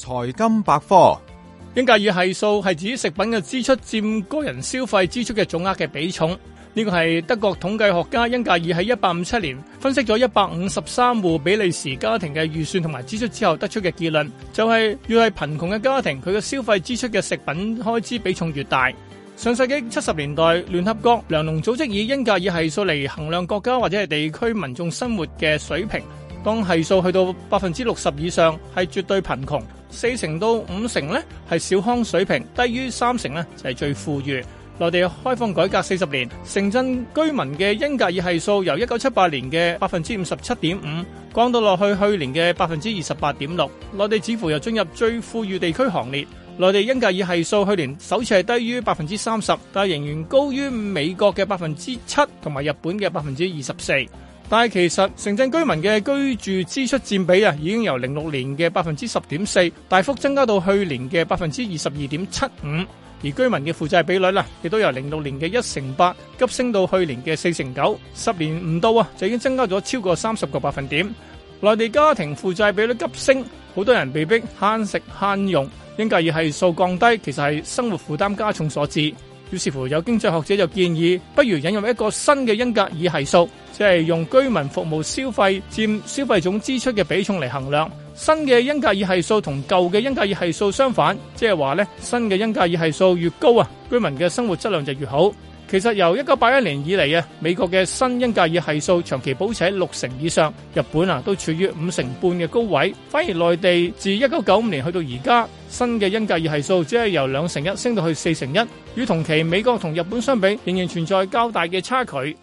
財金百科，恩格爾系數係指食品嘅支出佔個人消費支出嘅總額嘅比重。呢個係德國統計學家恩格爾喺一八五七年分析咗一百五十三戶比利時家庭嘅預算同埋支出之後得出嘅結論。就係越係貧窮嘅家庭，佢嘅消費支出嘅食品開支比重越大。上世紀七十年代，聯合國糧農組織以恩格爾係數嚟衡量國家或者係地區民眾生活嘅水平。當係數去到百分之六十以上，係絕對貧窮。四成到五成呢，係小康水平；低於三成呢，就係最富裕。內地開放改革四十年，城鎮居民嘅恩格爾係數由一九七八年嘅百分之五十七點五，降到落去去年嘅百分之二十八點六。內地似乎又進入最富裕地區行列。內地恩格爾係數去年首次係低於百分之三十，但係仍然高於美國嘅百分之七，同埋日本嘅百分之二十四。但係其實城鎮居民嘅居住支出佔比啊，已經由零六年嘅百分之十點四大幅增加到去年嘅百分之二十二點七五，而居民嘅負債比率啦，亦都由零六年嘅一成八急升到去年嘅四成九，十年唔到啊，就已經增加咗超過三十個百分點。內地家庭負債比率急升，好多人被逼慳食慳用，恩格爾係數降低，其實係生活負擔加重所致。於是乎，有經濟學者就建議，不如引入一個新嘅恩格爾係數，即係、就是、用居民服務消費佔消費總支出嘅比重嚟衡量。新嘅恩格爾係數同舊嘅恩格爾係數相反，即係話呢新嘅恩格爾系數越高啊，居民嘅生活質量就越好。其實由一九八一年以嚟啊，美國嘅新恩格爾係數長期保持喺六成以上，日本啊都處於五成半嘅高位，反而內地自一九九五年去到而家，新嘅恩格爾係數只係由兩成一升到去四成一，與同期美國同日本相比，仍然存在較大嘅差距。